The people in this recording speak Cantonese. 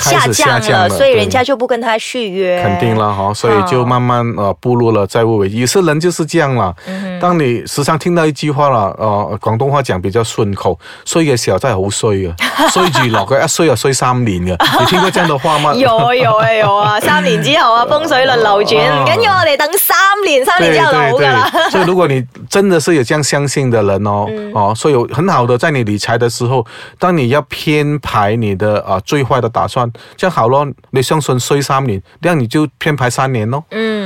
下降了，所以人家就不跟他續約。肯定啦，哈，所以就慢慢呃步入了債務危機。有些人就是這樣啦。當你時常聽到一句話了，呃，廣東話講比較順口，衰嘅時候真係好衰嘅，衰住落嘅一衰就衰三年啊。你聽過這樣的話嗎？有有有啊，三年之後啊，風水輪流轉，唔緊要，我哋等三年，三年之後老啦。所以如果你真的是有這樣相信的人哦，哦，所以有很好的在你理財的時候，當你要編排你的啊最壞的打算。這樣好咯，你相信衰三年，這樣你就偏排三年咯。嗯。